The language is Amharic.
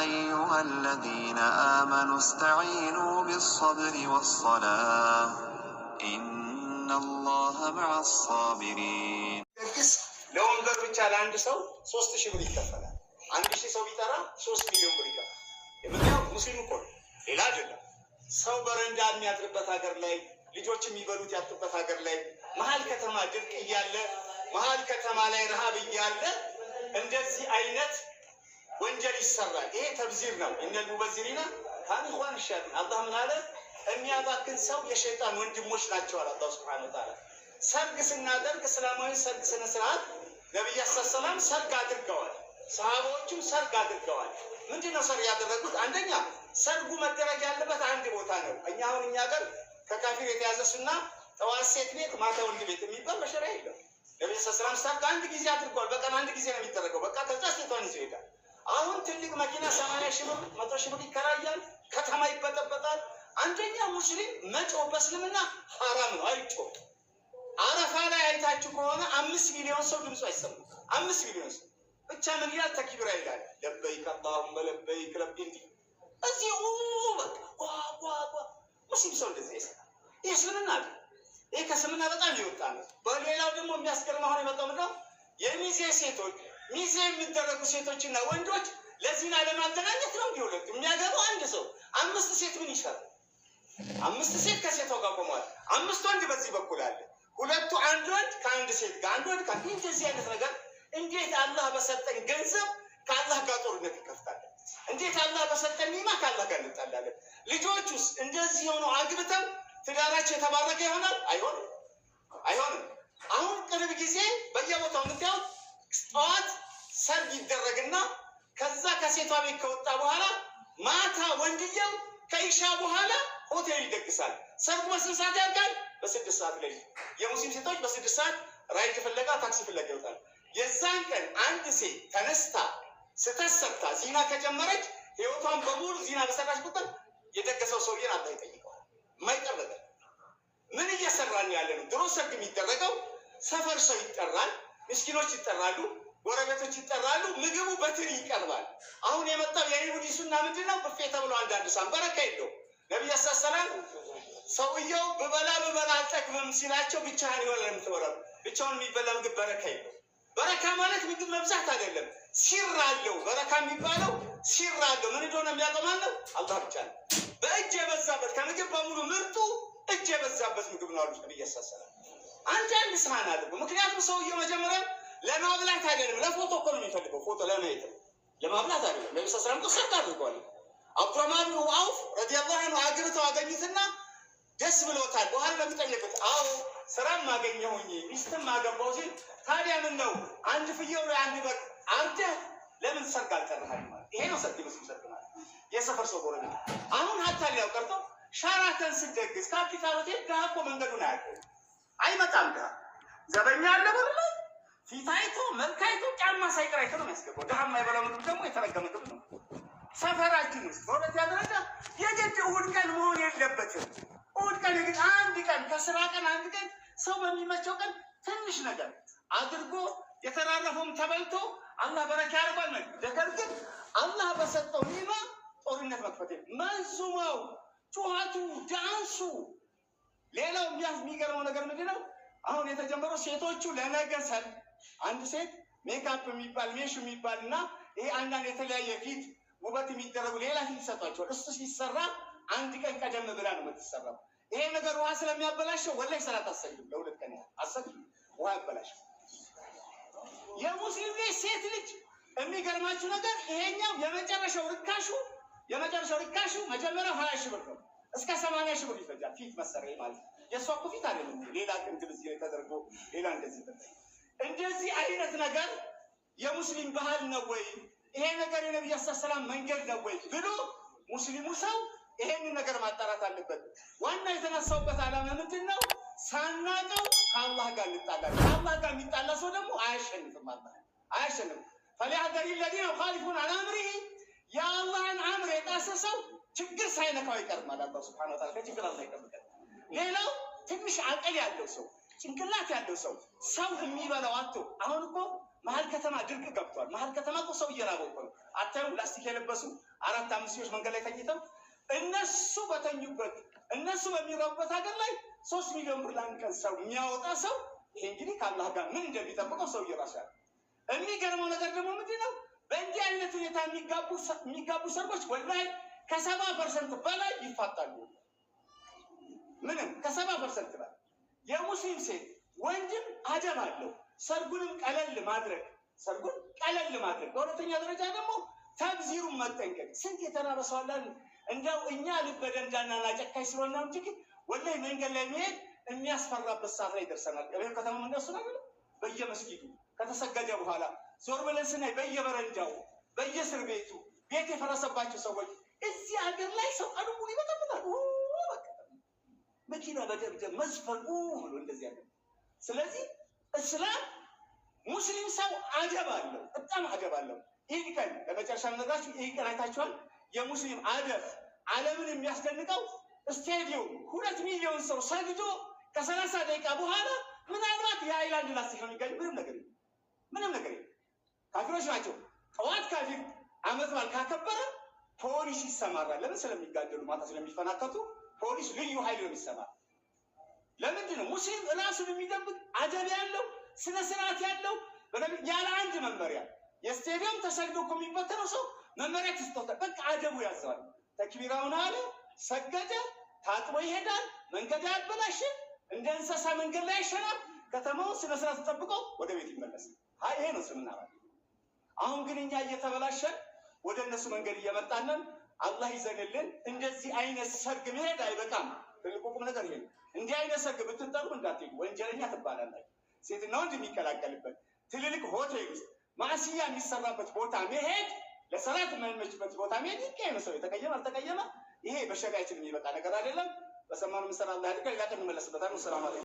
أيها الذين آمنوا استعينوا بالصبر والصلاة إن الله مع الصابرين ለወንበር ብቻ ለአንድ ሰው ሶስት ሺህ ብር ይከፈላል። አንድ ሺህ ሰው ቢጠራ ሶስት ሚሊዮን ብር ይከፈላል። የምክንያቱ ሙስሊም እኮ ሌላ አይደለም። ሰው በረንዳ የሚያድርበት ሀገር ላይ ልጆች የሚበሉት ያጡበት ሀገር ላይ መሀል ከተማ ድርቅ እያለ መሀል ከተማ ላይ ረሃብ እያለ እንደዚህ አይነት ወንጀል ይሰራል። ይሄ ተብዚር ነው። እነል ሙበዚሪና ካን ኢኽዋን ሸያጢን። አላህ ምን አለ? የሚያባክን ሰው የሸይጣን ወንድሞች ናቸው አለ አላህ ሱብሓነሁ ወተዓላ። ሰርግ ስናደርግ እስላማዊ ሰርግ ስነ ስርዓት ነብዩ ሰላም ሰርግ አድርገዋል። ሰሃቦቹም ሰርግ አድርገዋል። ምንድን ነው ሰርግ ያደረጉት? አንደኛ ሰርጉ መደረግ ያለበት አንድ ቦታ ነው። እኛ አሁን እኛ ጋር ከካፊር የተያዘ ሱና ጠዋት ሴት ቤት ማታ ወንድ ቤት የሚባል በሸሪዓ የለም። ነብዩ ሰላም ሰርግ አንድ ጊዜ አድርገዋል። በቀን አንድ ጊዜ ነው የሚደረገው። በቃ ተጫስቷን ሴቷን ይዘው ይሄዳል። አሁን ትልቅ መኪና ሰማንያ ሺህ ብር መቶ ሺህ ብር ይከራያል። ከተማ ይበጠበጣል። አንደኛ ሙስሊም መጮ በእስልምና ሀራም ነው፣ አይጮ። አረፋ ላይ አይታችሁ ከሆነ አምስት ሚሊዮን ሰው ድምፁ አይሰሙ። አምስት ሚሊዮን ሰው ብቻ ምን ይላል? ተኪቢራ ይላል። ለበይክ አላሁመ ለበይክ ረቢ እንዲ እዚህ በቃ ሙስሊም ሰው እንደዚህ አይሰራም። ይህ እስልምና አለ። ይህ ከእስልምና በጣም ይወጣ ነው። በሌላው ደግሞ የሚያስገርም አሁን የመጣው ምንድነው የሚዜ ሴቶች ሚዜ የሚደረጉ ሴቶችና ወንዶች ለዚህና ለማገናኘት ነው። እንዲ ሁለት የሚያገባው አንድ ሰው አምስት ሴት ምን ይሻላል? አምስት ሴት ከሴቷ ጋር ቆሟል። አምስት ወንድ በዚህ በኩል አለ። ሁለቱ አንድ ወንድ ከአንድ ሴት ጋር አንድ ወንድ ከ እንደዚህ አይነት ነገር እንዴት አላህ በሰጠን ገንዘብ ከአላህ ጋር ጦርነት ይከፍታለን? እንዴት አላህ በሰጠን ሚማ ከአላህ ጋር እንጣላለን? ልጆች ውስጥ እንደዚህ የሆኑ አግብተን ትዳራቸው የተባረከ ይሆናል? አይሆንም፣ አይሆንም። አሁን ቅርብ ጊዜ በየቦታው የምታዩት ጠዋት ሰርግ ይደረግና ከዛ ከሴቷ ቤት ከወጣ በኋላ ማታ ወንድየው ከኢሻ በኋላ ሆቴል ይደግሳል። ሰርጉ በስንት ሰዓት ያልቃል? በስድስት ሰዓት ላይ የሙስሊም ሴቶች በስድስት ሰዓት ራይድ ፍለጋ ታክሲ ፍለጋ ይወጣል። የዛን ቀን አንድ ሴት ተነስታ ስተሰርታ ዚና ከጀመረች ህይወቷን በሙሉ ዚና በሰራች ቁጥር የደገሰው ሰውዬን አላህ ይጠይቀዋል። ማይቀረበ ምን እየሰራን ያለ ነው? ድሮ ሰርግ የሚደረገው ሰፈር ሰው ይጠራል ምስኪኖች ይጠራሉ፣ ጎረቤቶች ይጠራሉ፣ ምግቡ በትን ይቀርባል። አሁን የመጣው የይሁዲ ሱና ምንድን ነው? ብፌ ተብሎ አንዳንድ ሳም በረካ የለው ነቢ ያሳሰላል። ሰውየው ብበላ ብበላ አልጠቅምም ሲላቸው ብቻህን የሆነ የምትበላው ብቻውን የሚበላ ምግብ በረካ የለው። በረካ ማለት ምግብ መብዛት አይደለም፣ ሲር አለው። በረካ የሚባለው ሲር አለው። ምን እንደሆነ የሚያጠማል ነው አላህ ብቻ ነው። በእጅ የበዛበት ከምግብ በሙሉ ምርጡ እጅ የበዛበት ምግብ ነው አሉ ነቢያ ሳሰላም አንተ አንድ ስማን አድርጉ። ምክንያቱም ሰውየው መጀመሪያ ለማብላት አይደለም ለፎቶ እኮ ነው የሚፈልገው። ፎቶ ለማየት ለማብላት አይደለም። ነቢ ስ ስላም ሰርት አድርጓል። አብዱራማን ብኑ አውፍ ረዲየላሁ ዐንሁ አግብተው አገኙትና ደስ ብሎታል። በኋላ ለሚጠየቁት አዎ ስራም አገኘሁኝ ሚስትም አገባው ሲል ታዲያ ምን ነው አንድ ፍየው ላይ አንድ በግ አንተ ለምን ሰርግ አልጠራህም? ይሄ ነው ሰርግ መስሉ ሰርግ የሰፈር ሰው ጎረቤት አሁን ሀታ ሊያው ቀርተው ሻራተን ስደግስ ካፒታል ሆቴል ዳሀኮ መንገዱን አያውቀውም አይመጣም። ድሃ ዘበኛ አለ በር ላይ ፊት አይቶ መልክ አይቶ ጫማ ሳይቀር አይቶ ነው የሚያስገባው። ድሃ የማይበላው ምግብ ደግሞ የተረገመ ምግብ ነው። ሰፈራችን ውስጥ በሁለተኛ ደረጃ የግድ እሑድ ቀን መሆን የለበትም። እሑድ ቀን የግድ አንድ ቀን ከስራ ቀን አንድ ቀን ሰው በሚመቸው ቀን ትንሽ ነገር አድርጎ የተራረፈውም ተበልቶ አላህ በረኪ ያርጓል ነ ነገር ግን አላህ በሰጠው ኒዕማ ጦርነት መክፈት መዝሙሩ፣ ጩኸቱ፣ ዳንሱ ሌላው የሚገርመው ነገር ምንድን ነው? አሁን የተጀመረው ሴቶቹ ለነገ ሰርግ አንድ ሴት ሜካፕ የሚባል ሜሽ የሚባል እና ይሄ አንዳንድ የተለያየ ፊት ውበት የሚደረጉ ሌላ ፊት ይሰጧቸዋል። እሱ ሲሰራ አንድ ቀን ቀደም ብላ ነው የምትሰራው። ይሄ ነገር ውሃ ስለሚያበላሸው ወላይ ሰላት አሰግድም። ለሁለት ቀን ያህል አሰግድም። ውሃ ያበላሸው የሙስሊም ልጅ ሴት ልጅ የሚገርማችሁ ነገር ይሄኛው የመጨረሻው ርካሹ የመጨረሻው ርካሹ መጀመሪያው ሀያ ሺህ ብር ነው። እስከ ሰማንያ ሺህ ብር ይፈጃል። ፊት መሰሪያ ማለት ነው። የእሷ እኮ ፊት አይደለም ሌላ ቅንድብ እዚህ ተደርጎ ሌላ እንደዚህ እንደዚህ አይነት ነገር የሙስሊም ባህል ነው ወይ? ይሄ ነገር የነቢዩ ሰላም መንገድ ነው ወይ ብሎ ሙስሊሙ ሰው ይሄንን ነገር ማጣራት አለበት። ዋና የተነሳውበት ዓላማ ምንድን ነው? ሳናቀው ከአላህ ጋር እንጣላለን። ከአላህ ጋር የሚጣላ ሰው ደግሞ አያሸንፍም። አላ አያሸንፍም። ፈሊያህዘሪ ለዚነ ዩኻሊፉነ ዐን አምሪሂ የአላህን አምር የጣሰ ሰው ችግር ሳይነካው አይቀርም። አላህ ስብሐነ ወተዓላ ከችግር አላህ ይጠብቀን። ሌላው ትንሽ አቅል ያለው ሰው ጭንቅላት ያለው ሰው ሰው የሚበላው አቶ አሁን እኮ መሀል ከተማ ድርቅ ገብቷል። መሀል ከተማ እኮ ሰው እየራበው እኮ ነው። አታዩም? ላስቲክ የለበሱ አራት አምስት ሰዎች መንገድ ላይ ተኝተው እነሱ በተኙበት እነሱ በሚራቡበት ሀገር ላይ ሶስት ሚሊዮን ብር ላንቀን ሰው የሚያወጣ ሰው ይሄ እንግዲህ ከአላህ ጋር ምን እንደሚጠብቀው ሰው እየራሱ ያለ የሚገርመው ነገር ደግሞ ምንድን ነው? በእንዲህ አይነት ሁኔታ የሚጋቡ ሰርጎች ወላሂ ከሰባ ፐርሰንት በላይ ይፋታሉ። ምንም ከሰባ ፐርሰንት በላይ የሙስሊም ሴት ወንድም አደብ አለው። ሰርጉንም ቀለል ማድረግ ሰርጉን ቀለል ማድረግ፣ በሁለተኛ ደረጃ ደግሞ ተግዚሩን መጠንቀቅ። ስንት የተራረሰዋለን እንደው እኛ ልበ ደንዳናና ጨካኝ ስለሆነ ነው እንጂ ወላሂ መንገድ ላይ መሄድ የሚያስፈራበት ሰዓት ላይ ደርሰናል። ገበሬ ከተማ መንገድ ሱ ነገር በየመስጊዱ ከተሰገደ በኋላ ዞር ብለን ስናይ በየበረንዳው በየእስር ቤቱ ቤት የፈረሰባቸው ሰዎች እዚህ ሀገር ላይ ሰው አልሙን ይበጠብጣል። መኪና በደብደብ መዝፈን ብሎ እንደዚህ ያለ። ስለዚህ እስላም ሙስሊም ሰው አደብ አለው፣ በጣም አደብ አለው። ይህ ቀን ለመጨረሻ ነግራችሁ፣ ይህ ቀን አይታችኋል። የሙስሊም አደብ ዓለምን የሚያስደንቀው ስታዲየም ሁለት ሚሊዮን ሰው ሰግዶ ከሰላሳ ደቂቃ በኋላ ምናልባት የሃይላንድ ላስቲክ ነው የሚገኝ። ምንም ነገር ምንም ነገር ካፊሮች ናቸው። ጠዋት ካፊር አመት በዓል ካከበረ ፖሊስ ይሰማራል። ለምን? ስለሚጋደሉ፣ ማታ ስለሚፈናከቱ ፖሊስ ልዩ ኃይል ነው የሚሰማ። ለምንድን ነው? ሙስሊም ራሱን የሚጠብቅ አደብ ያለው ስነ ስርዓት ያለው ያለ አንድ መመሪያ የስቴዲየም ተሰግዶ እኮ የሚበተነው ሰው መመሪያ ትስተውታል። በቃ አደቡ ያዘዋል። ተክቢራውን አለ፣ ሰገደ፣ ታጥቦ ይሄዳል። መንገድ ያበላሽ እንደ እንስሳ መንገድ ላይ ይሸናል። ከተማውን ስነ ስርዓት ተጠብቆ ወደ ቤት ይመለሳል። ይሄ ነው ስምና አሁን ግን እኛ እየተበላሸን ወደ እነሱ መንገድ እያመጣንን አላህ ይዘንልን። እንደዚህ አይነት ሰርግ መሄድ አይበቃም። ትልቁ ቁም ነገር ይሄ እንዲህ አይነት ሰርግ ብትጠሩ እንዳትሄዱ፣ ወንጀለኛ ትባላላችሁ። ነው ወንድ የሚከላከልበት ትልልቅ ሆቴል ውስጥ ማእስያ የሚሰራበት ቦታ መሄድ፣ ለሰላት የማይመችበት ቦታ መሄድ ይቀየም። ሰው የተቀየመ አልተቀየመ፣ ይሄ በሸሪዓችን የሚበቃ ነገር አይደለም። በሰማኑ ምሰራ ላ ሌላ ቀን እንመለስበታለን። ሰላም አለይኩም።